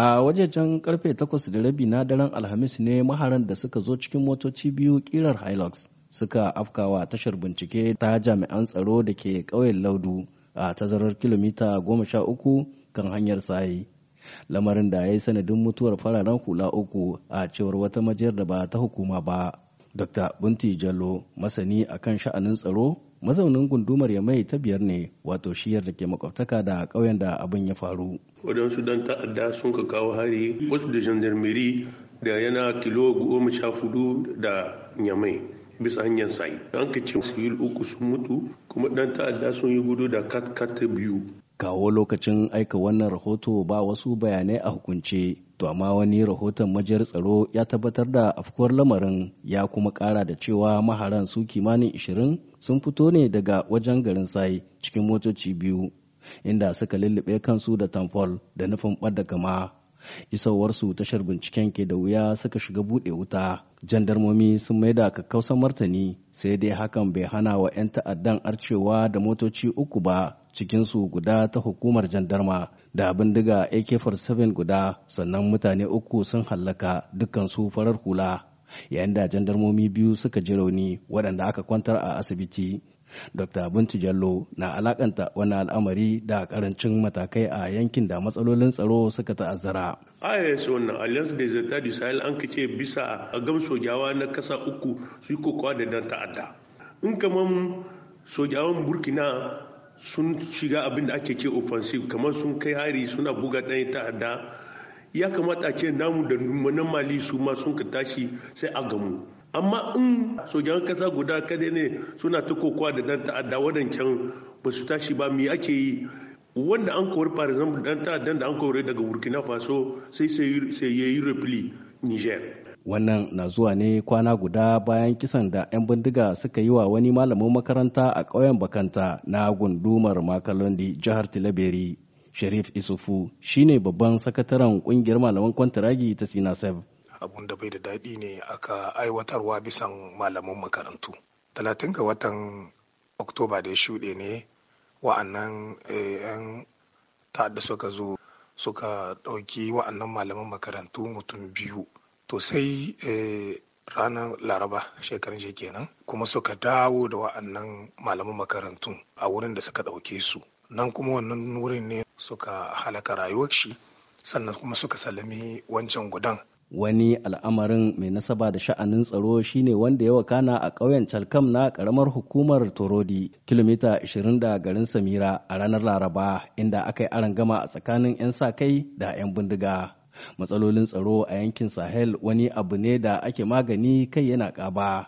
a wajejen karfe takwas da rabi na daren alhamis ne maharan da suka zo cikin motoci biyu kirar hilux suka afkawa tashar bincike ta jami'an tsaro da ke ƙauyen laudu a tazarar kilomita goma sha uku kan hanyar sayi lamarin da ya yi sanadin mutuwar fararen hula uku a cewar wata majiyar da ba ta hukuma ba Dr. Bunti Jallo masani a kan sha'anin tsaro mazaunin gundumar ya mai ta biyar ne wato shiyar da ke makwabtaka da ƙauyen da abin ya faru. Wadansu dan ta'adda sun ka kawo hari wasu da gendarmerie da yana kilo goma sha fudu da nyamai bisa hanyar sai. An ka ce uku sun mutu kuma dan ta'adda sun yi gudu da kat kat biyu. kawo lokacin aika wannan rahoto ba wasu bayanai a hukunce to amma wani rahoton majiyar tsaro ya tabbatar da afkuwar lamarin ya kuma kara da cewa maharan su kimanin ishirin sun fito ne daga wajen garin sai cikin motoci biyu inda suka lullube kansu da tamfol da nufin ɓadda kama isowarsu tashar binciken ke da wuya suka shiga buɗe wuta jandarmomi sun maida kakkausan martani sai dai hakan bai hana wa 'yan ta'addan arcewa da motoci uku ba cikinsu guda ta hukumar jandarma da bindiga AK-47 guda sannan mutane uku sun hallaka dukansu farar hula yayin da jandarmomi biyu suka ji rauni waɗanda aka kwantar a asibiti Dr. Binci Jallo na alakanta wani al'amari da karancin matakai a yankin da matsalolin tsaro suka ta'azzara. IAS wannan Alliance des Etats du Sahel an kace bisa a gam sojawa na kasa uku su yi kokowa da dan ta'adda. In kaman sojawan Burkina sun shiga abin da ake ce offensive kamar sun kai hari suna buga ɗaya ta'adda ya kamata a ce namu da na mali su ma sun ka tashi sai a gamu amma in sojan kasa guda kadai ne suna ta kokowa da dan ta'adda wadancan ba su tashi ba me ake yi wanda an kawar fara example dan ta'addan da an kori daga burkina faso sai sai yayi repli niger wannan na zuwa ne kwana guda bayan kisan da 'yan bindiga suka yi wa wani malamin makaranta a ƙauyen bakanta na gundumar makalondi jihar tilaberi sharif isufu shine babban sakataren kungiyar malaman kwantaragi ta sinasef abun da bai da daɗi ne aka aiwatarwa bisan malaman makarantu talatin ga watan oktoba da ya shuɗe ne wa'annan eh, 'yan ta'adda suka zo suka ɗauki wa'annan malaman makarantu mutum biyu to sai eh, ranar laraba shekarun shi kenan kuma suka dawo da wa'annan malaman makarantun a wurin da suka ɗauke su nan kuma wannan wurin ne suka halaka rayuwar shi sannan kuma suka salami wancan gudan wani al'amarin mai nasaba da sha'anin tsaro shine wanda ya wakana a ƙauyen calkam na ƙaramar hukumar torodi kilomita 20 da garin samira a ranar laraba inda aka yi arangama a tsakanin 'yan sa kai da 'yan bindiga matsalolin tsaro a yankin sahel wani abu ne da ake magani kai yana ƙaba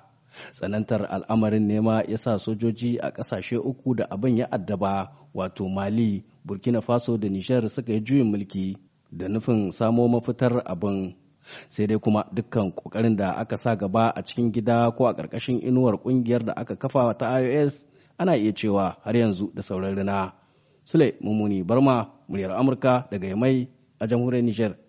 tsanantar al'amarin nema ya sa sojoji a ƙasashe uku da abin ya addaba wato mali burkina faso da nishar suka yi juyin mulki da nufin samo mafitar abin sai dai kuma dukkan kokarin da aka sa gaba a cikin gida ko a ƙarƙashin inuwar ƙungiyar da aka kafa ta ios ana iya cewa har yanzu da sauran rina sule mummuni barma muryar amurka daga mai a jamhuriyar niger